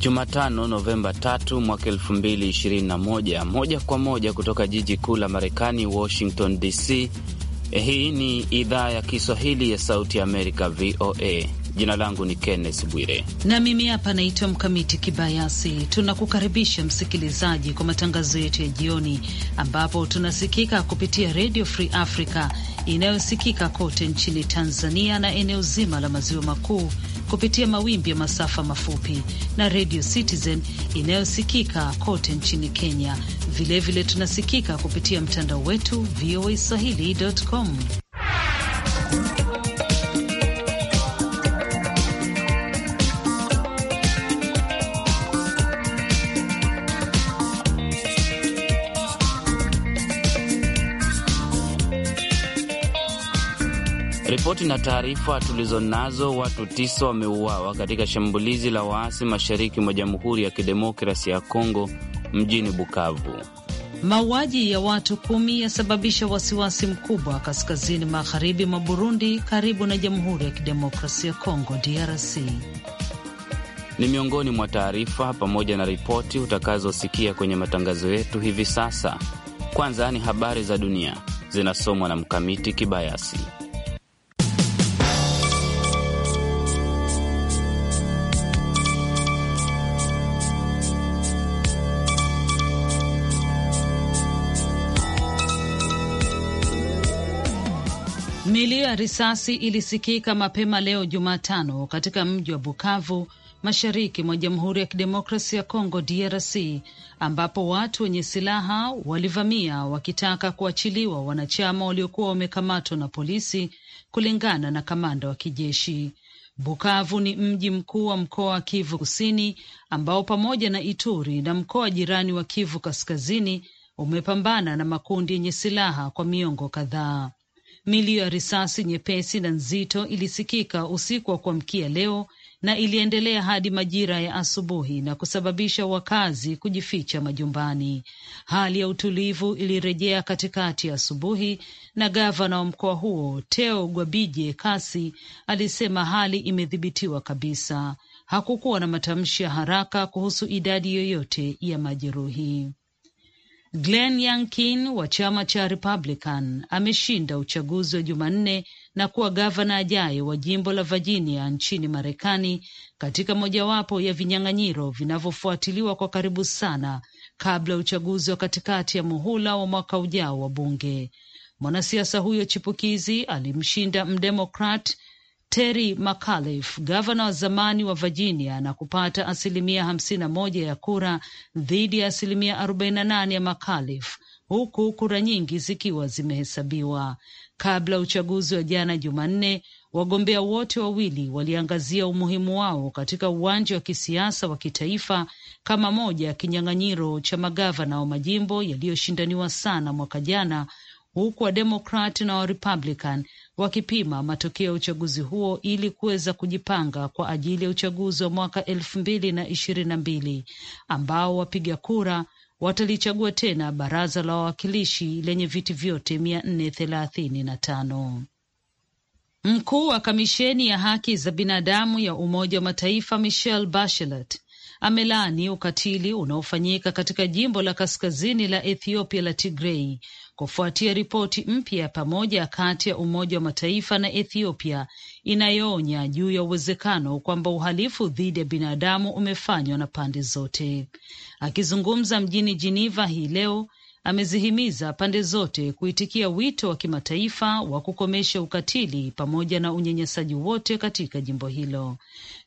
Jumatano, Novemba 3 mwaka 2021, moja kwa moja kutoka jiji kuu la Marekani, Washington DC. Hii ni idhaa ya Kiswahili ya Sauti ya Amerika, VOA. Jina langu ni Kenneth Bwire na mimi hapa naitwa Mkamiti Kibayasi. Tunakukaribisha msikilizaji kwa matangazo yetu ya jioni, ambapo tunasikika kupitia Radio Free Africa inayosikika kote nchini Tanzania na eneo zima la maziwa makuu kupitia mawimbi ya masafa mafupi na Radio Citizen inayosikika kote nchini Kenya. Vilevile vile tunasikika kupitia mtandao wetu voa swahilicom Ripoti na taarifa tulizonazo, watu tisa wameuawa katika shambulizi la waasi mashariki mwa Jamhuri ya Kidemokrasi ya Kongo mjini Bukavu. Mauaji ya watu kumi yasababisha wasiwasi mkubwa kaskazini magharibi mwa Burundi karibu na Jamhuri ya Kidemokrasia ya Kongo DRC. Ni miongoni mwa taarifa pamoja na ripoti utakazosikia kwenye matangazo yetu hivi sasa. Kwanza ni habari za dunia zinasomwa na Mkamiti Kibayasi. Milio ya risasi ilisikika mapema leo Jumatano katika mji wa Bukavu mashariki mwa Jamhuri ya Kidemokrasi ya Kongo DRC ambapo watu wenye silaha walivamia wakitaka kuachiliwa wanachama waliokuwa wamekamatwa na polisi, kulingana na kamanda wa kijeshi. Bukavu ni mji mkuu wa mkoa wa Kivu Kusini ambao pamoja na Ituri na mkoa jirani wa Kivu Kaskazini umepambana na makundi yenye silaha kwa miongo kadhaa. Milio ya risasi nyepesi na nzito ilisikika usiku wa kuamkia leo na iliendelea hadi majira ya asubuhi na kusababisha wakazi kujificha majumbani. Hali ya utulivu ilirejea katikati ya asubuhi, na gavana wa mkoa huo Teo Gwabije Kasi alisema hali imedhibitiwa kabisa. Hakukuwa na matamshi ya haraka kuhusu idadi yoyote ya majeruhi. Glenn Youngkin wa chama cha Republican ameshinda uchaguzi wa Jumanne na kuwa gavana ajaye wa jimbo la Virginia nchini Marekani, katika mojawapo ya vinyang'anyiro vinavyofuatiliwa kwa karibu sana kabla ya uchaguzi wa katikati ya muhula wa mwaka ujao wa bunge. Mwanasiasa huyo chipukizi alimshinda mdemokrat Terry McAuliffe, gavana wa zamani wa Virginia, na kupata asilimia hamsini na moja ya kura dhidi ya asilimia arobaini na nane ya McAuliffe, huku kura nyingi zikiwa zimehesabiwa kabla uchaguzi wa jana Jumanne. Wagombea wote wawili waliangazia umuhimu wao katika uwanja wa kisiasa wa kitaifa kama moja ya kinyang'anyiro cha magavana wa majimbo yaliyoshindaniwa sana mwaka jana, huku Wademokrat na Warepublican wakipima matokeo ya uchaguzi huo ili kuweza kujipanga kwa ajili ya uchaguzi wa mwaka elfu mbili na ishirini na mbili ambao wapiga kura watalichagua tena baraza la wawakilishi lenye viti vyote mia nne thelathini na tano. Mkuu wa kamisheni ya haki za binadamu ya Umoja wa Mataifa Michelle Bachelet amelaani ukatili unaofanyika katika jimbo la kaskazini la Ethiopia la Tigrei kufuatia ripoti mpya ya pamoja kati ya Umoja wa Mataifa na Ethiopia inayoonya juu ya uwezekano kwamba uhalifu dhidi ya binadamu umefanywa na pande zote. Akizungumza mjini jiniva hii leo, amezihimiza pande zote kuitikia wito wa kimataifa wa kukomesha ukatili pamoja na unyanyasaji wote katika jimbo hilo.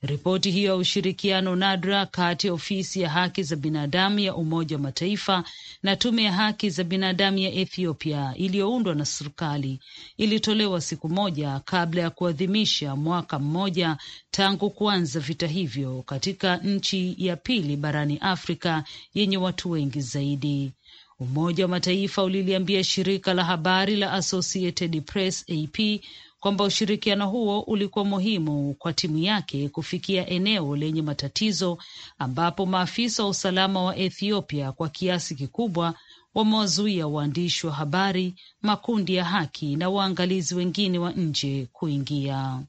Ripoti hiyo ya ushirikiano nadra kati ya ofisi ya haki za binadamu ya Umoja wa Mataifa na tume ya haki za binadamu ya Ethiopia iliyoundwa na serikali ilitolewa siku moja kabla ya kuadhimisha mwaka mmoja tangu kuanza vita hivyo katika nchi ya pili barani Afrika yenye watu wengi zaidi. Umoja wa Mataifa uliliambia shirika la habari la Associated Press AP kwamba ushirikiano huo ulikuwa muhimu kwa timu yake kufikia eneo lenye matatizo ambapo maafisa wa usalama wa Ethiopia kwa kiasi kikubwa wamewazuia waandishi wa habari, makundi ya haki na waangalizi wengine wa nje kuingia.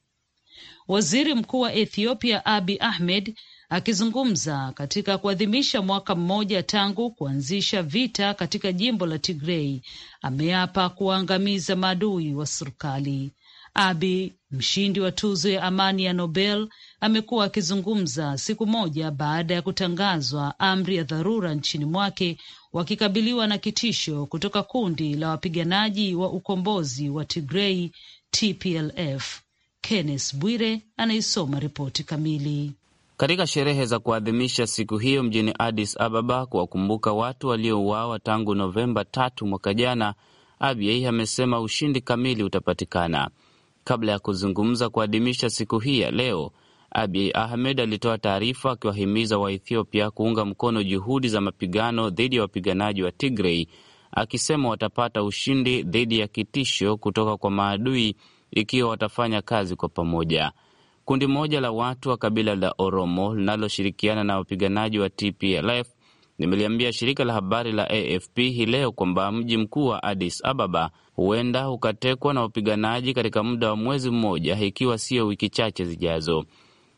Waziri Mkuu wa Ethiopia Abiy Ahmed Akizungumza katika kuadhimisha mwaka mmoja tangu kuanzisha vita katika jimbo la Tigrei, ameapa kuwaangamiza maadui wa serikali. Abi, mshindi wa tuzo ya amani ya Nobel, amekuwa akizungumza siku moja baada ya kutangazwa amri ya dharura nchini mwake, wakikabiliwa na kitisho kutoka kundi la wapiganaji wa ukombozi wa Tigrei, TPLF. Kenneth Bwire anaisoma ripoti kamili katika sherehe za kuadhimisha siku hiyo mjini Addis Ababa kuwakumbuka watu waliouawa tangu Novemba tatu mwaka jana. Abiy amesema ushindi kamili utapatikana. Kabla ya kuzungumza kuadhimisha siku hii ya leo, Abiy Ahmed alitoa taarifa akiwahimiza Waethiopia kuunga mkono juhudi za mapigano dhidi ya wapiganaji wa Tigrei, akisema watapata ushindi dhidi ya kitisho kutoka kwa maadui ikiwa watafanya kazi kwa pamoja. Kundi moja la watu wa kabila la Oromo linaloshirikiana na wapiganaji wa TPLF limeliambia shirika la habari la AFP hii leo kwamba mji mkuu wa Addis Ababa huenda ukatekwa na wapiganaji katika muda wa mwezi mmoja, ikiwa sio wiki chache zijazo.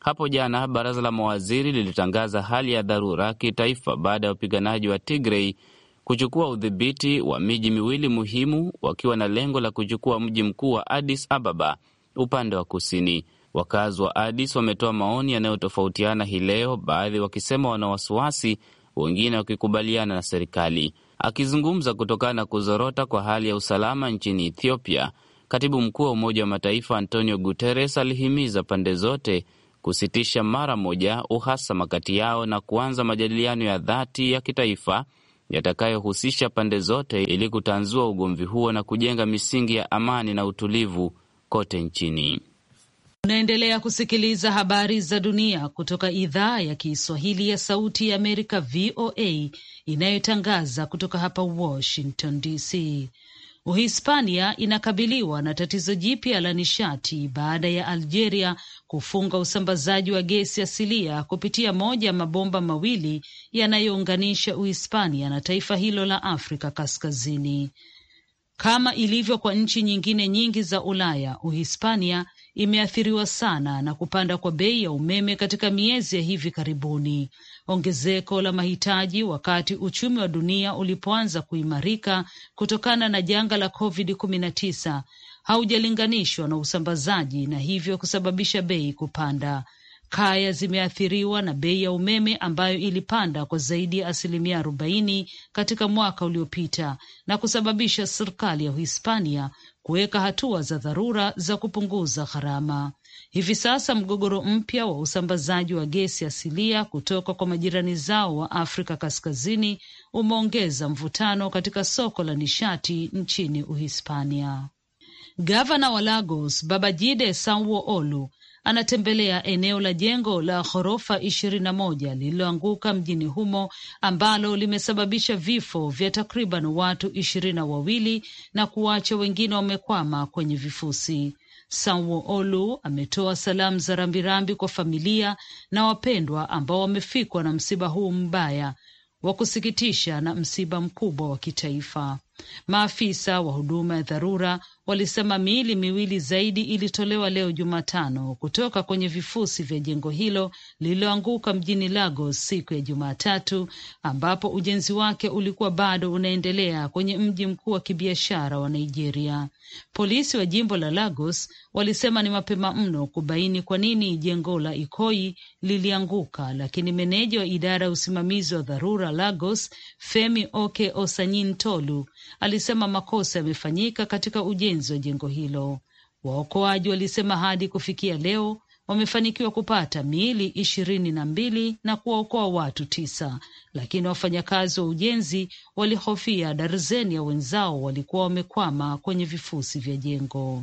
Hapo jana baraza la mawaziri lilitangaza hali ya dharura kitaifa baada ya wapiganaji wa Tigrei kuchukua udhibiti wa miji miwili muhimu, wakiwa na lengo la kuchukua mji mkuu wa Addis Ababa upande wa kusini. Wakazi wa Adis wametoa maoni yanayotofautiana hii leo, baadhi wakisema wana wasiwasi, wengine wakikubaliana na serikali. Akizungumza kutokana na kuzorota kwa hali ya usalama nchini Ethiopia, katibu mkuu wa Umoja wa Mataifa Antonio Guterres alihimiza pande zote kusitisha mara moja uhasama kati yao na kuanza majadiliano ya dhati ya kitaifa yatakayohusisha pande zote ili kutanzua ugomvi huo na kujenga misingi ya amani na utulivu kote nchini. Unaendelea kusikiliza habari za dunia kutoka idhaa ya Kiswahili ya Sauti ya Amerika, VOA, inayotangaza kutoka hapa Washington DC. Uhispania inakabiliwa na tatizo jipya la nishati baada ya Algeria kufunga usambazaji wa gesi asilia kupitia moja ya mabomba mawili yanayounganisha Uhispania na taifa hilo la Afrika Kaskazini. Kama ilivyo kwa nchi nyingine nyingi za Ulaya, Uhispania imeathiriwa sana na kupanda kwa bei ya umeme katika miezi ya hivi karibuni. Ongezeko la mahitaji wakati uchumi wa dunia ulipoanza kuimarika kutokana na janga la COVID-19 haujalinganishwa na usambazaji na hivyo kusababisha bei kupanda. Kaya zimeathiriwa na bei ya umeme ambayo ilipanda kwa zaidi ya asilimia arobaini katika mwaka uliopita na kusababisha serikali ya Uhispania kuweka hatua za dharura za kupunguza gharama. Hivi sasa mgogoro mpya wa usambazaji wa gesi asilia kutoka kwa majirani zao wa Afrika Kaskazini umeongeza mvutano katika soko la nishati nchini Uhispania. Gavana wa Lagos Babajide Sanwo-Olu anatembelea eneo la jengo la ghorofa ishirini na moja lililoanguka mjini humo ambalo limesababisha vifo vya takriban watu ishirini na wawili na kuwacha wengine wamekwama kwenye vifusi. Sanwo-Olu ametoa salamu za rambirambi kwa familia na wapendwa ambao wamefikwa na msiba huu mbaya wa kusikitisha na msiba mkubwa wa kitaifa. Maafisa wa huduma ya dharura walisema miili miwili zaidi ilitolewa leo Jumatano kutoka kwenye vifusi vya jengo hilo lililoanguka mjini Lagos siku ya Jumatatu, ambapo ujenzi wake ulikuwa bado unaendelea kwenye mji mkuu wa kibiashara wa Nigeria. Polisi wa jimbo la Lagos walisema ni mapema mno kubaini kwa nini jengo la Ikoyi lilianguka, lakini meneja wa idara ya usimamizi wa dharura Lagos, Femi Oke Osanyin Tolu, alisema makosa yamefanyika katika ujenzi ujenzi wa jengo hilo. Waokoaji walisema hadi kufikia leo wamefanikiwa kupata miili ishirini na mbili na kuwaokoa watu tisa, lakini wafanyakazi wa ujenzi walihofia darzeni ya wenzao walikuwa wamekwama kwenye vifusi vya jengo.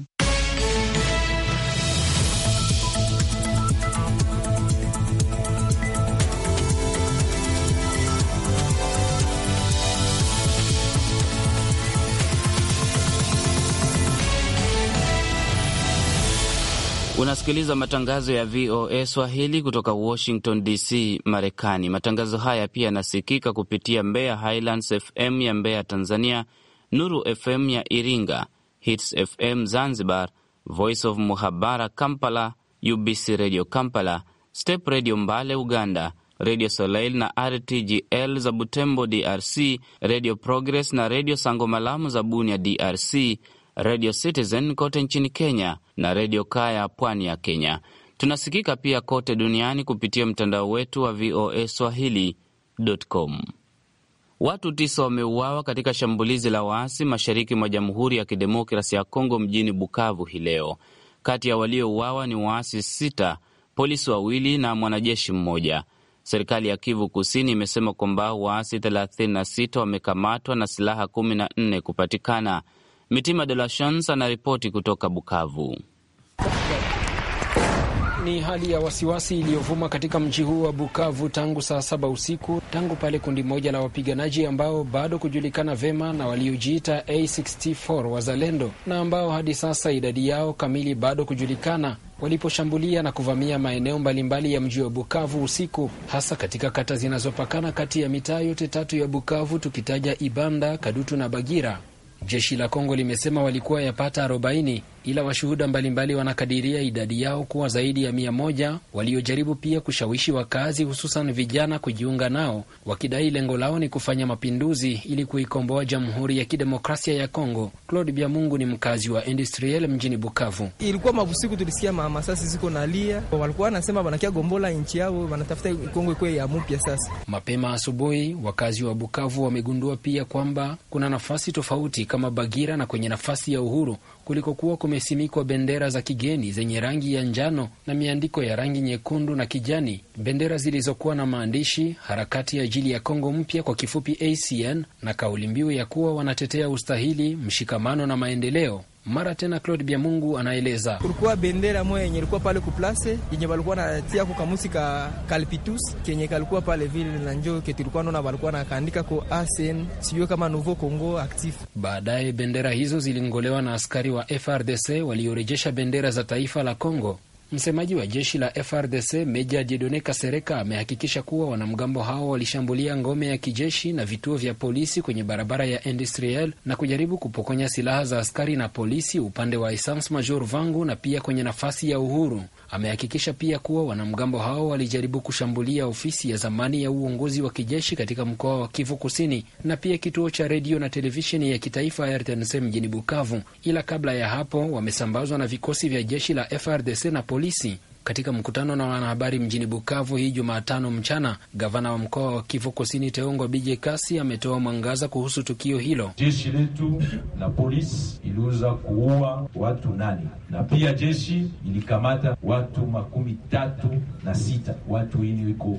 Unasikiliza matangazo ya VOA Swahili kutoka Washington DC, Marekani. Matangazo haya pia yanasikika kupitia Mbeya Highlands FM ya Mbeya, Tanzania, Nuru FM ya Iringa, Hits FM Zanzibar, Voice of Muhabara Kampala, UBC Radio Kampala, Step Radio Mbale Uganda, Radio Soleil na RTGL za Butembo DRC, Radio Progress na Radio Sango Malamu za Bunia DRC, Radio Citizen kote nchini Kenya na Redio Kaya pwani ya Kenya. Tunasikika pia kote duniani kupitia mtandao wetu wa VOA Swahili.com. Watu tisa wameuawa katika shambulizi la waasi mashariki mwa Jamhuri ya Kidemokrasi ya Kongo mjini Bukavu hii leo. Kati ya waliouawa ni waasi sita, polisi wawili na mwanajeshi mmoja. Serikali ya Kivu Kusini imesema kwamba waasi 36 wamekamatwa na silaha 14 kupatikana. Mitima de la Chance anaripoti kutoka Bukavu. Ni hali ya wasiwasi iliyovuma katika mji huu wa Bukavu tangu saa saba usiku tangu pale kundi moja la wapiganaji ambao bado kujulikana vema na waliojiita A64 wazalendo na ambao hadi sasa idadi yao kamili bado kujulikana waliposhambulia na kuvamia maeneo mbalimbali ya mji wa Bukavu usiku, hasa katika kata zinazopakana kati ya mitaa yote tatu ya Bukavu, tukitaja Ibanda, Kadutu na Bagira. Jeshi la Kongo limesema walikuwa yapata ila washuhuda mbalimbali wanakadiria idadi yao kuwa zaidi ya mia moja waliojaribu pia kushawishi wakazi hususan vijana kujiunga nao, wakidai lengo lao ni kufanya mapinduzi ili kuikomboa Jamhuri ya Kidemokrasia ya Kongo. Claude Biamungu ni mkazi wa Industriel mjini Bukavu. Ilikuwa mavusiku, tulisikia masasi ziko nalia, walikuwa wanasema wanakia gombola nchi yao, wanatafuta Kongo ikuwe ya mupya. Sasa mapema asubuhi, wakazi wa Bukavu wamegundua pia kwamba kuna nafasi tofauti kama Bagira na kwenye nafasi ya Uhuru kulikokuwa kumesimikwa bendera za kigeni zenye rangi ya njano na miandiko ya rangi nyekundu na kijani, bendera zilizokuwa na maandishi harakati ya ajili ya Kongo mpya kwa kifupi ACN, na kauli mbiu ya kuwa wanatetea ustahili, mshikamano na maendeleo. Mara tena Claude Biamungu anaeleza, kulikuwa bendera moja yenye ilikuwa pale kuplase yenye walikuwa natia kamusi ka kalpitus kenye kalikuwa pale vile na njo ketulikuwa naona walikuwa nakaandika ko asen sijue kama nouveau Congo actif. Baadaye bendera hizo zilingolewa na askari wa FRDC waliorejesha bendera za taifa la Congo Msemaji wa jeshi la FRDC Meja Diedone Kasereka amehakikisha kuwa wanamgambo hao walishambulia ngome ya kijeshi na vituo vya polisi kwenye barabara ya Industriel na kujaribu kupokonya silaha za askari na polisi upande wa Essence Major Vangu na pia kwenye nafasi ya Uhuru. Amehakikisha pia kuwa wanamgambo hao walijaribu kushambulia ofisi ya zamani ya uongozi wa kijeshi katika mkoa wa Kivu Kusini na pia kituo cha redio na televisheni ya kitaifa RTNC mjini Bukavu, ila kabla ya hapo wamesambazwa na vikosi vya jeshi la FRDC na polisi katika mkutano na wanahabari mjini Bukavu hii Jumatano mchana, gavana wa mkoa wa Kivu Kusini Teongo BJ Kasi ametoa mwangaza kuhusu tukio hilo. Jeshi letu la polisi iliweza kuua watu nane na pia jeshi ilikamata watu makumi tatu na sita watu ini wiko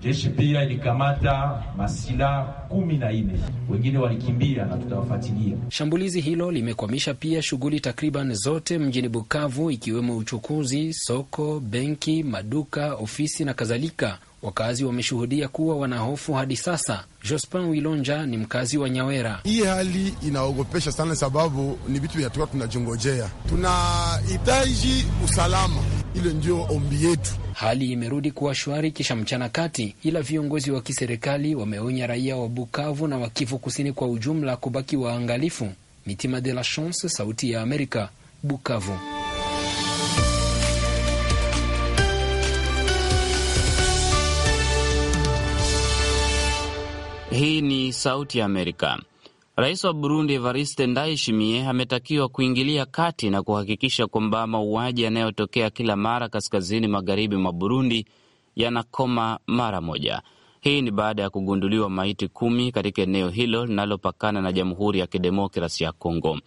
Jeshi pia ilikamata masilaha kumi na nne wengine walikimbia na tutawafuatilia. Shambulizi hilo limekwamisha pia shughuli takriban zote mjini Bukavu, ikiwemo uchukuzi, soko, benki, maduka, ofisi na kadhalika. Wakazi wameshuhudia kuwa wanahofu hadi sasa. Jospin Wilonja ni mkazi wa Nyawera. Hii hali inaogopesha sana, sababu ni vitu vinatoka, tunajongojea, tunahitaji usalama. Ile ndio ombi yetu. Hali imerudi kuwa shwari kisha mchana kati, ila viongozi wa kiserikali wameonya raia wa Bukavu na wa Kivu Kusini kwa ujumla kubaki waangalifu. Mitima de la Chance, Sauti ya Amerika, Bukavu. Hii ni Sauti ya Amerika. Rais wa Burundi Evariste Ndayishimiye ametakiwa kuingilia kati na kuhakikisha kwamba mauaji yanayotokea kila mara kaskazini magharibi mwa Burundi yanakoma mara moja. Hii ni baada ya kugunduliwa maiti kumi katika eneo hilo linalopakana na Jamhuri ya Kidemokrasi ya Kongo.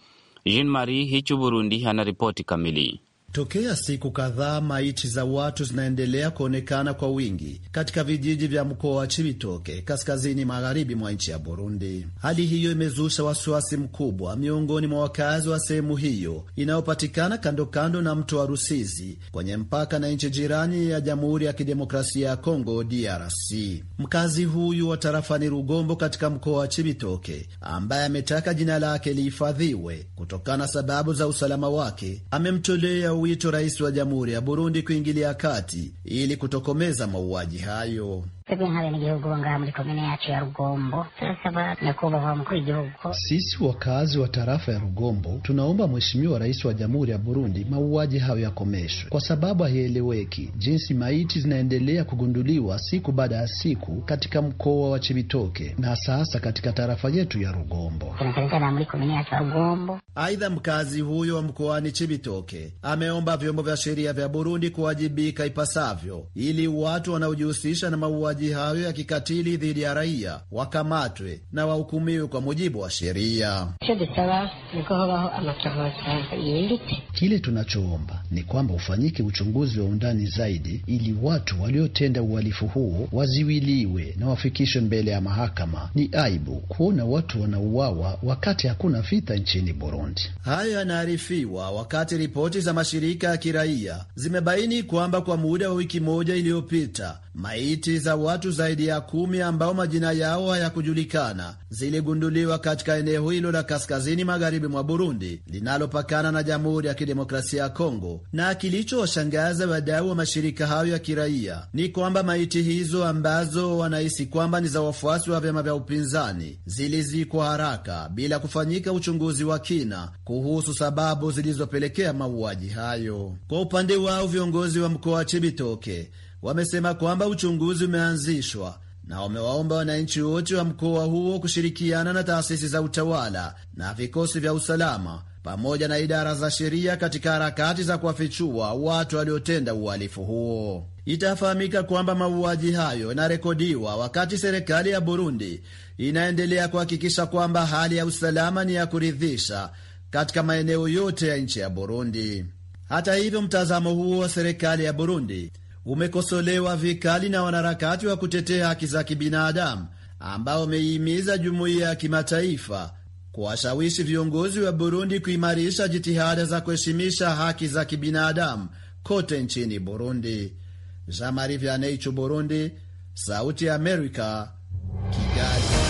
Jean Marie Hichu, Burundi, ana ripoti kamili. Tokea siku kadhaa maiti za watu zinaendelea kuonekana kwa wingi katika vijiji vya mkoa wa Chibitoke, kaskazini magharibi mwa nchi ya Burundi. Hali hiyo imezusha wasiwasi mkubwa miongoni mwa wakazi wa sehemu hiyo inayopatikana kando kando na mto wa Rusizi kwenye mpaka na nchi jirani ya Jamhuri ya Kidemokrasia ya Kongo, DRC. Mkazi huyu wa tarafani Rugombo katika mkoa wa Chibitoke, ambaye ametaka jina lake lihifadhiwe kutokana sababu za usalama wake, amemtolea wito rais wa jamhuri ya Burundi kuingilia kati ili kutokomeza mauaji hayo ya Rugombo Sisi wakazi wa tarafa ya Rugombo tunaomba Mheshimiwa Rais wa Jamhuri ya Burundi mauaji hayo yakomeshwe, kwa sababu haieleweki jinsi maiti zinaendelea kugunduliwa siku baada ya siku katika mkoa wa Chibitoke na sasa katika tarafa yetu ya Rugombo. Aidha, mkazi huyo wa mkoani Chibitoke ameomba vyombo vya sheria vya Burundi kuwajibika ipasavyo ili watu wanaojihusisha na mauaji mauaji hayo ya kikatili dhidi ya raia wakamatwe na wahukumiwe kwa mujibu wa sheria. Kile tunachoomba ni kwamba ufanyike uchunguzi wa undani zaidi, ili watu waliotenda uhalifu huo waziwiliwe na wafikishwe mbele ya mahakama. Ni aibu kuona watu wanauawa wakati hakuna vita nchini Burundi. Hayo yanaarifiwa wakati ripoti za mashirika ya kiraia zimebaini kwamba kwa muda wa wiki moja iliyopita Maiti za watu zaidi ya kumi ambao majina yao hayakujulikana ziligunduliwa katika eneo hilo la kaskazini magharibi mwa Burundi linalopakana na Jamhuri ya Kidemokrasia ya Kongo, na kilichowashangaza wadau wa mashirika hayo ya kiraia ni kwamba maiti hizo ambazo wanahisi kwamba ni za wafuasi wa vyama vya upinzani zilizikwa haraka bila kufanyika uchunguzi wa kina kuhusu sababu zilizopelekea mauaji hayo. Kwa upande wao viongozi wa mkoa wa Chibitoke wamesema kwamba uchunguzi umeanzishwa na wamewaomba wananchi wote wa mkoa huo kushirikiana na taasisi za utawala na vikosi vya usalama pamoja na idara za sheria katika harakati za kuwafichua watu waliotenda uhalifu huo. Itafahamika kwamba mauaji hayo yanarekodiwa wakati serikali ya Burundi inaendelea kuhakikisha kwamba hali ya usalama ni ya kuridhisha katika maeneo yote ya nchi ya Burundi. Hata hivyo, mtazamo huo wa serikali ya Burundi umekosolewa vikali na wanaharakati wa kutetea haki za kibinadamu ambao wameihimiza jumuiya ya kimataifa kuwashawishi viongozi wa Burundi kuimarisha jitihada za kuheshimisha haki za kibinadamu kote nchini Burundi. Jean Marie Vianney, Burundi, Sauti ya Amerika, Kigali.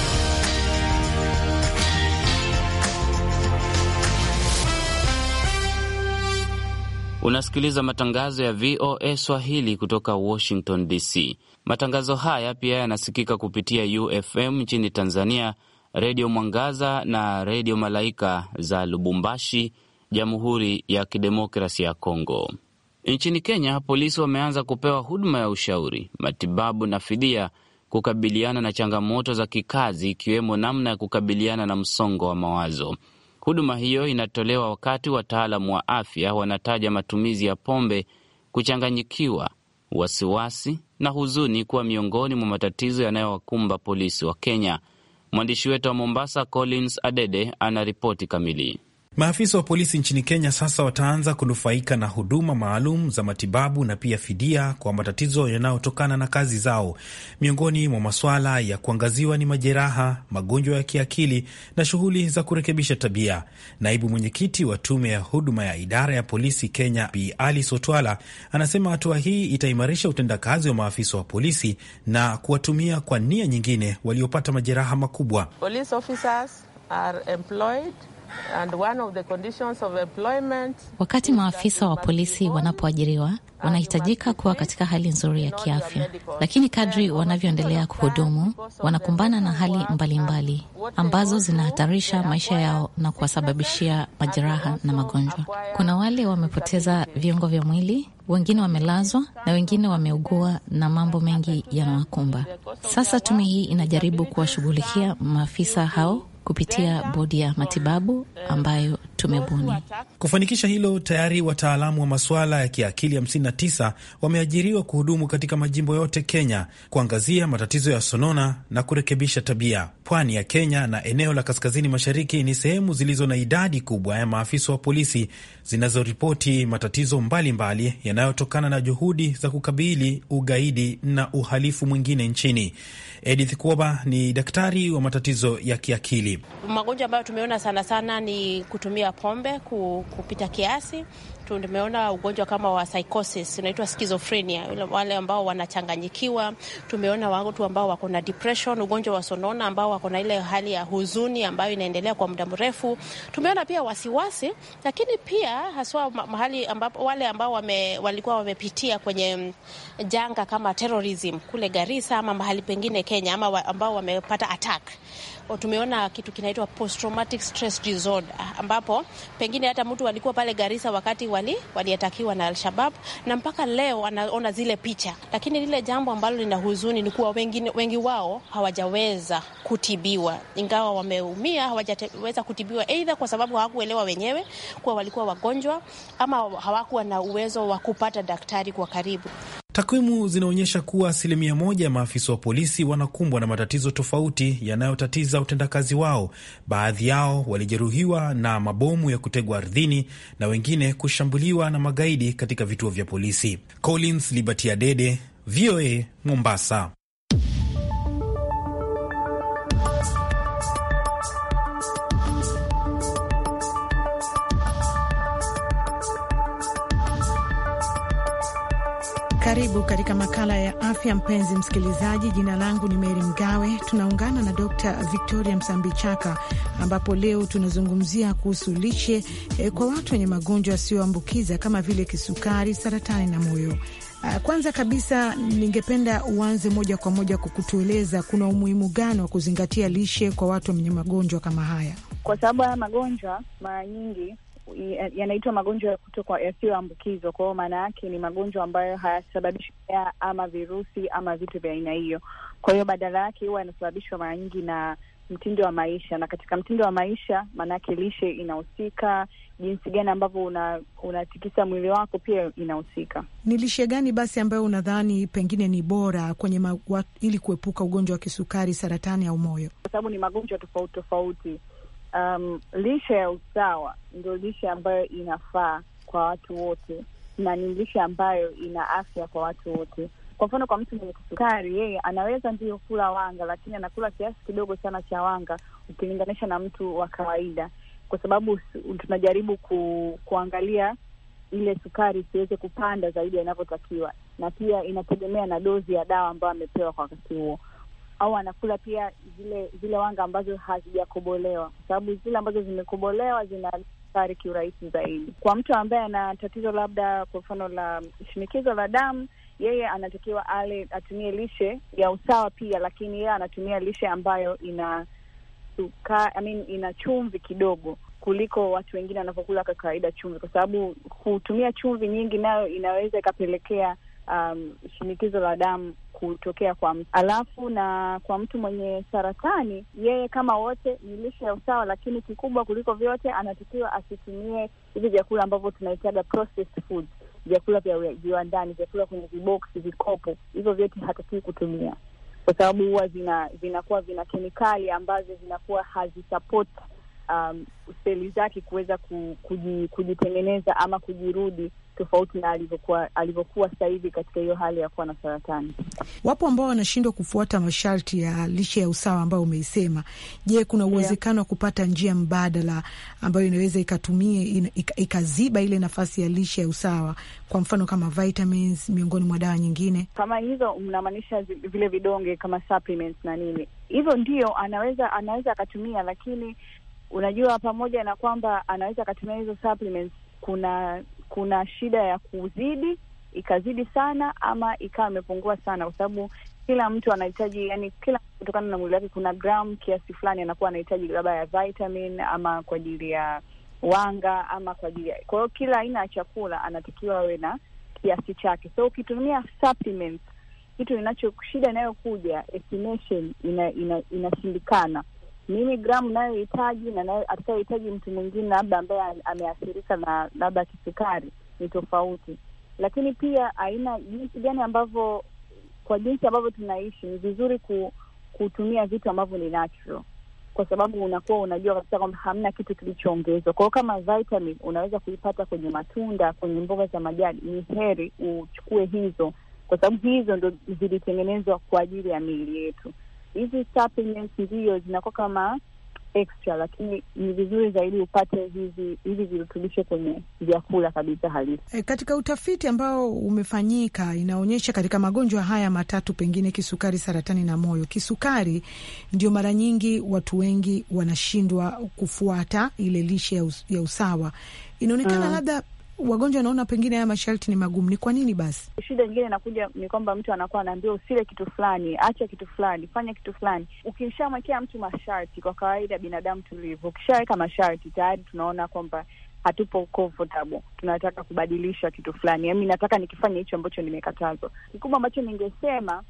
Unasikiliza matangazo ya VOA Swahili kutoka Washington DC. Matangazo haya pia yanasikika kupitia UFM nchini Tanzania, Redio Mwangaza na Redio Malaika za Lubumbashi, Jamhuri ya Kidemokrasi ya Kongo. Nchini Kenya, polisi wameanza kupewa huduma ya ushauri, matibabu na fidia kukabiliana na changamoto za kikazi, ikiwemo namna ya kukabiliana na msongo wa mawazo. Huduma hiyo inatolewa wakati wataalamu wa afya wanataja matumizi ya pombe, kuchanganyikiwa, wasiwasi na huzuni kuwa miongoni mwa matatizo yanayowakumba polisi wa Kenya. Mwandishi wetu wa Mombasa, Collins Adede, ana ripoti kamili. Maafisa wa polisi nchini Kenya sasa wataanza kunufaika na huduma maalum za matibabu na pia fidia kwa matatizo yanayotokana na kazi zao. Miongoni mwa masuala ya kuangaziwa ni majeraha, magonjwa ya kiakili na shughuli za kurekebisha tabia. Naibu mwenyekiti wa tume ya huduma ya idara ya polisi Kenya, Bi Ali Sotwala, anasema hatua hii itaimarisha utendakazi wa maafisa wa polisi na kuwatumia kwa nia nyingine waliopata majeraha makubwa. Police officers are employed Wakati maafisa wa polisi wanapoajiriwa, wanahitajika kuwa katika hali nzuri ya kiafya, lakini kadri wanavyoendelea kuhudumu, wanakumbana na hali mbalimbali mbali, ambazo zinahatarisha maisha yao na kuwasababishia majeraha na magonjwa. Kuna wale wamepoteza viungo vya mwili, wengine wamelazwa na wengine wameugua na mambo mengi yanawakumba. Sasa tume hii inajaribu kuwashughulikia maafisa hao kupitia bodi ya matibabu ambayo tumebuni. Kufanikisha hilo, tayari wataalamu wa masuala ya kiakili 59 wameajiriwa kuhudumu katika majimbo yote Kenya kuangazia matatizo ya sonona na kurekebisha tabia. Pwani ya Kenya na eneo la kaskazini mashariki ni sehemu zilizo na idadi kubwa ya maafisa wa polisi zinazoripoti matatizo mbalimbali yanayotokana na juhudi za kukabili ugaidi na uhalifu mwingine nchini. Edith Kuoba ni daktari wa matatizo ya kiakili. Magonjwa ambayo tumeona sana sana ni kutumia pombe kupita kiasi Tumeona ugonjwa kama wa psychosis unaitwa schizophrenia, wale ambao wanachanganyikiwa. Tumeona watu ambao wako na depression, ugonjwa wa sonona, ambao wako na ile hali ya huzuni ambayo inaendelea kwa muda mrefu. Tumeona pia wasiwasi, lakini pia haswa mahali ambapo wale ambao wame, walikuwa wamepitia kwenye mm, janga kama terrorism kule Garissa ama mahali pengine Kenya, ama ambao wamepata attack tumeona kitu kinaitwa post traumatic stress disorder, ambapo pengine hata mtu alikuwa pale Garissa wakati wali waliatakiwa na Alshabab na mpaka leo anaona zile picha, lakini lile jambo ambalo lina huzuni ni kuwa wengi, wengi wao hawajaweza kutibiwa, ingawa wameumia, hawajaweza kutibiwa aidha kwa sababu hawakuelewa wenyewe kuwa walikuwa wagonjwa ama hawakuwa na uwezo wa kupata daktari kwa karibu. Takwimu zinaonyesha kuwa asilimia moja ya maafisa wa polisi wanakumbwa na matatizo tofauti yanayotatiza utendakazi wao. Baadhi yao walijeruhiwa na mabomu ya kutegwa ardhini na wengine kushambuliwa na magaidi katika vituo vya polisi. Collins Libertia Dede, VOA Mombasa. Karibu katika makala ya afya, mpenzi msikilizaji. Jina langu ni Meri Mgawe. Tunaungana na Dr Victoria Msambichaka ambapo leo tunazungumzia kuhusu lishe eh, kwa watu wenye magonjwa yasiyoambukiza kama vile kisukari, saratani na moyo. Ah, kwanza kabisa ningependa uanze moja kwa moja kukutueleza kuna umuhimu gani wa kuzingatia lishe kwa watu wenye magonjwa kama haya? Kwa sababu haya magonjwa mara nyingi yanaitwa magonjwa ya kwa yasiyoambukizwa. Kwa hiyo maana yake ni magonjwa ambayo hayasababishwi ama virusi ama vitu vya aina hiyo. Kwa hiyo badala yake huwa yanasababishwa mara nyingi na mtindo wa maisha, na katika mtindo wa maisha maanake lishe inahusika, jinsi gani ambavyo unatikisa una mwili wako pia inahusika. Ni lishe gani basi ambayo unadhani pengine ni bora kwenye ma, wa, ili kuepuka ugonjwa wa kisukari, saratani au moyo? Kwa sababu ni magonjwa tofauti tofauti um, lishe ya usawa ndio lishe ambayo inafaa kwa watu wote na ni lishe ambayo ina afya kwa watu wote. Kwa mfano, kwa mtu mwenye kisukari, yeye anaweza ndio kula wanga, lakini anakula kiasi kidogo sana cha wanga ukilinganisha na mtu wa kawaida, kwa sababu tunajaribu ku, kuangalia ile sukari isiweze kupanda zaidi ya inavyotakiwa, na pia inategemea na dozi ya dawa ambayo amepewa kwa wakati huo au anakula pia zile zile wanga ambazo hazijakobolewa, kwa sababu zile ambazo zimekobolewa zina sukari kiurahisi zaidi. Kwa mtu ambaye ana tatizo labda kwa mfano la shinikizo la damu, yeye anatakiwa ale, atumie lishe ya usawa pia, lakini yeye anatumia lishe ambayo ina suka, I mean, ina chumvi kidogo kuliko watu wengine wanavyokula kwa kawaida chumvi, kwa sababu kutumia chumvi nyingi nayo inaweza ikapelekea um, shinikizo la damu kutokea kwa mtu. Alafu na kwa mtu mwenye saratani, yeye kama wote ni lishe ya usawa, lakini kikubwa kuliko vyote anatakiwa asitumie hivi vyakula ambavyo tunahitaga processed food, vyakula vya viwandani, vyakula kwenye viboksi, vikopo, hivyo vyote hatakiwi kutumia kwa sababu huwa vinakuwa vina, vina kemikali ambazo zinakuwa hazisapoti um, seli zake kuweza kujitengeneza ama kujirudi tofauti na alivyokuwa alivyokuwa sasa hivi katika hiyo hali ya kuwa na saratani. Wapo ambao wanashindwa kufuata masharti ya lishe ya usawa ambayo umeisema. Je, kuna uwezekano wa kupata njia mbadala ambayo inaweza ikatumie ikaziba ile nafasi ya lishe ya usawa, kwa mfano kama vitamins miongoni mwa dawa nyingine kama hizo? Mnamaanisha vile vidonge kama supplements na nini hivyo? Ndio, anaweza anaweza akatumia, lakini Unajua, pamoja na kwamba anaweza akatumia hizo supplements, kuna kuna shida ya kuzidi ikazidi sana ama ikawa imepungua sana, kwa sababu kila mtu anahitaji yani, kila kutokana na mwili wake kuna gram kiasi fulani anakuwa anahitaji labda ya vitamin ama kwa ajili ya wanga ama kwa ajili ya, kwa hiyo kila aina ya chakula anatakiwa awe na kiasi chake. So ukitumia supplements, kitu inacho shida inayokuja estimation inashindikana, ina, ina mimi gramu nayohitaji na atakayohitaji mtu mwingine labda ambaye ameathirika na labda kisukari ni tofauti, lakini pia aina jinsi gani ambavyo, kwa jinsi ambavyo tunaishi, ni vizuri ku, kutumia vitu ambavyo ni natural, kwa sababu unakuwa unajua kabisa kwamba hamna kitu kilichoongezwa. Kwa hiyo kama vitamin unaweza kuipata kwenye matunda, kwenye mboga za majani, ni heri uchukue hizo, kwa sababu hizo ndo zilitengenezwa kwa ajili ya miili yetu hizi supplements ndiyo zinakuwa kama extra, lakini ni vizuri zaidi upate hizi hivi virutubisho kwenye vyakula kabisa halisi. E, katika utafiti ambao umefanyika inaonyesha katika magonjwa haya matatu pengine kisukari, saratani na moyo, kisukari ndio mara nyingi watu wengi wanashindwa kufuata ile lishe ya, us, ya usawa inaonekana mm. labda mm wagonjwa wanaona pengine haya masharti ni magumu. Ni kwa nini basi? Shida nyingine inakuja ni kwamba mtu anakuwa anaambiwa usile kitu fulani, acha kitu fulani, fanya kitu fulani. Ukishamwekea mtu masharti, kwa kawaida binadamu tulivyo, ukishaweka masharti tayari tunaona kwamba hatupo comfortable, tunataka kubadilisha kitu fulani, yaani nataka nikifanya hicho ambacho nimekatazwa. Kikubwa ambacho ningesema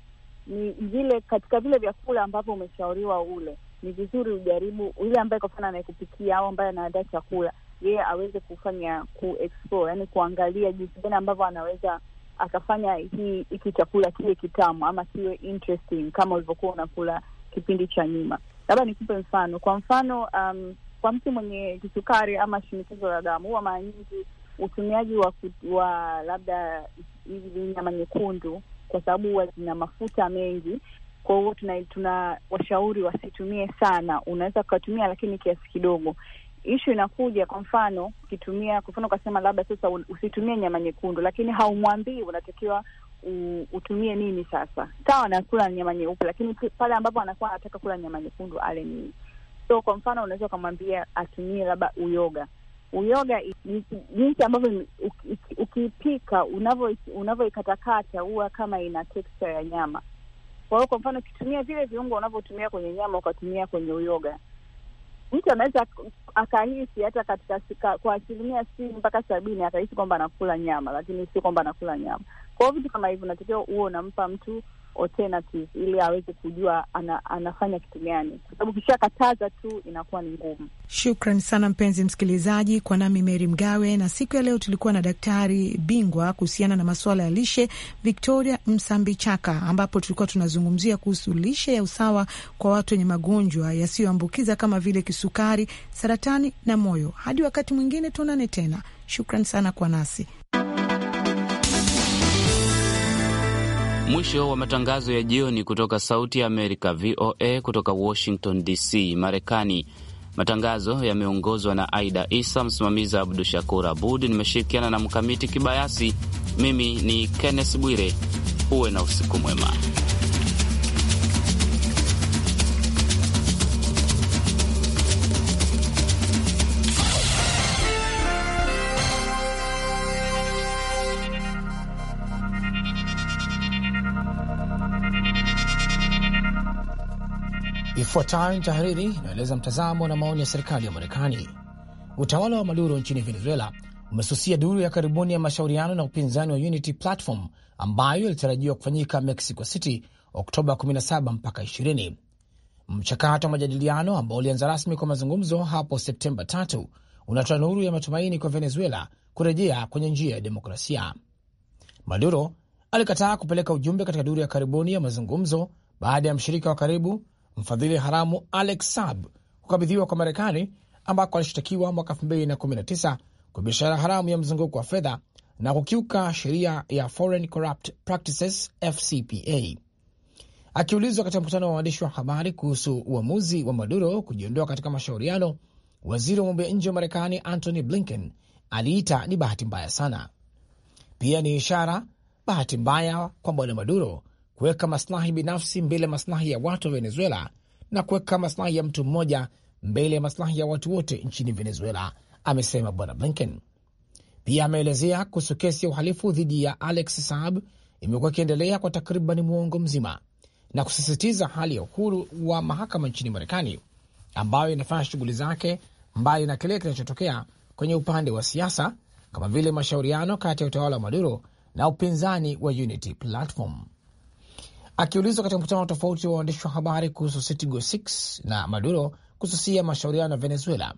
ni vile, katika vile vyakula ambavyo umeshauriwa ule, ni vizuri ujaribu ule ambaye kwa mfano anayekupikia au ambaye anaandaa chakula yeye aweze kufanya kuexplore, yani kuangalia jinsi gani ambavyo anaweza akafanya hii hiki chakula kiwe kitamu ama kiwe interesting kama ulivyokuwa unakula kipindi cha nyuma. Labda nikupe mfano. Kwa mfano um, kwa mtu mwenye kisukari ama shinikizo la damu, huwa mara nyingi utumiaji wa, wa labda hizi nyama nyekundu, kwa sababu huwa zina mafuta mengi, kwa hiyo tuna, tuna washauri wasitumie sana. Unaweza ukatumia, lakini kiasi kidogo, ishu inakuja. Kwa mfano ukitumia, kwa mfano ukasema labda sasa usitumie nyama nyekundu, lakini haumwambii unatakiwa utumie nini. Sasa sawa, anakula nyama nyeupe, lakini pale ambapo anakuwa anataka kula nyama nyekundu ale nini? So kwa mfano unaweza ukamwambia atumie labda uyoga. Uyoga jinsi ambavyo ukiipika, unavyoikatakata huwa kama ina texture ya nyama. Kwa hiyo kwa mfano ukitumia vile viungo unavyotumia kwenye nyama ukatumia kwenye uyoga mtu anaweza akahisi hata katika sika, kwa asilimia sitini mpaka sabini akahisi kwamba anakula nyama, lakini sio kwamba anakula nyama. Kwa hiyo vitu kama hivyo natokea huo unampa mtu alternative ili aweze kujua ana, anafanya kitu gani, kwa sababu kishakataza tu inakuwa ni ngumu. Shukran sana mpenzi msikilizaji, kwa nami Meri Mgawe, na siku ya leo tulikuwa na daktari bingwa kuhusiana na masuala ya lishe Victoria Msambichaka, ambapo tulikuwa tunazungumzia kuhusu lishe ya usawa kwa watu wenye magonjwa yasiyoambukiza kama vile kisukari, saratani na moyo. Hadi wakati mwingine tuonane tena. Shukran sana kwa nasi Mwisho wa matangazo ya jioni kutoka Sauti ya Amerika, VOA kutoka Washington DC, Marekani. Matangazo yameongozwa na Aida Isa, msimamizi Abdu Shakur Abud. Nimeshirikiana na Mkamiti Kibayasi. Mimi ni Kenneth Bwire. Uwe na usiku mwema. Ifuatayo ni tahariri inaeleza mtazamo na maoni ya serikali ya Marekani. Utawala wa Maduro nchini Venezuela umesusia duru ya karibuni ya mashauriano na upinzani wa Unity Platform ambayo ilitarajiwa kufanyika Mexico City Oktoba 17 mpaka 20. Mchakato wa majadiliano ambao ulianza rasmi kwa mazungumzo hapo Septemba 3 unatoa nuru ya matumaini kwa Venezuela kurejea kwenye njia ya demokrasia. Maduro alikataa kupeleka ujumbe katika duru ya karibuni ya mazungumzo baada ya mshirika wa karibu mfadhili haramu Alex Saab kukabidhiwa kwa Marekani ambako alishtakiwa mwaka 2019 kwa biashara haramu ya mzunguko wa fedha na kukiuka sheria ya Foreign Corrupt Practices FCPA. Akiulizwa katika mkutano wa waandishi wa habari kuhusu uamuzi wa Maduro kujiondoa katika mashauriano, waziri wa mambo ya nje wa Marekani Antony Blinken aliita ni bahati mbaya sana, pia ni ishara bahati mbaya kwa Bwana Maduro kuweka maslahi binafsi mbele ya maslahi ya watu wa Venezuela na kuweka maslahi ya mtu mmoja mbele ya maslahi ya watu wote nchini Venezuela, amesema Bwana Blinken. Pia ameelezea kuhusu kesi ya uhalifu dhidi ya Alex Saab imekuwa ikiendelea kwa takriban muongo mzima na kusisitiza hali ya uhuru wa mahakama nchini Marekani ambayo inafanya shughuli zake mbali na kile kinachotokea kwenye upande wa siasa kama vile mashauriano kati ya utawala wa Maduro na upinzani wa Unity Platform. Akiulizwa katika mkutano tofauti wa waandishi wa habari kuhusu Citigo 6 na Maduro kususia mashauriano ya Venezuela,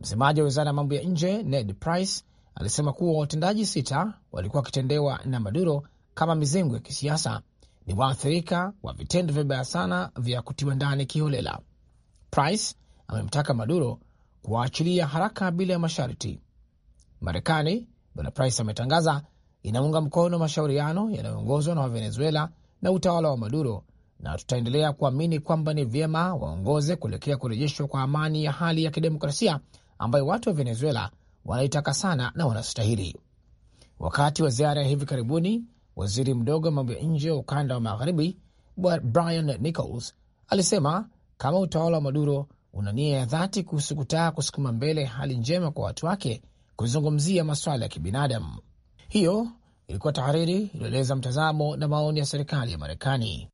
msemaji wa wizara ya mambo ya nje Ned Price alisema kuwa watendaji sita walikuwa wakitendewa na Maduro kama mizengo ya kisiasa, ni waathirika wa vitendo vibaya sana vya kutiwa ndani kiholela. Price amemtaka Maduro kuwaachilia haraka bila ya masharti. Marekani, bwana Price ametangaza, inaunga mkono mashauriano yanayoongozwa na Wavenezuela na utawala wa Maduro, na tutaendelea kuamini kwamba ni vyema waongoze kuelekea kurejeshwa kwa amani ya hali ya kidemokrasia ambayo watu wa Venezuela wanaitaka sana na wanastahili. Wakati wa ziara ya hivi karibuni, waziri mdogo wa mambo ya nje wa ukanda wa magharibi Brian Nichols alisema kama utawala wa Maduro una nia ya dhati kuhusu kutaka kusukuma mbele hali njema kwa watu wake, kuzungumzia masuala ya kibinadamu, hiyo Ilikuwa tahariri iliyoeleza mtazamo na maoni ya serikali ya Marekani.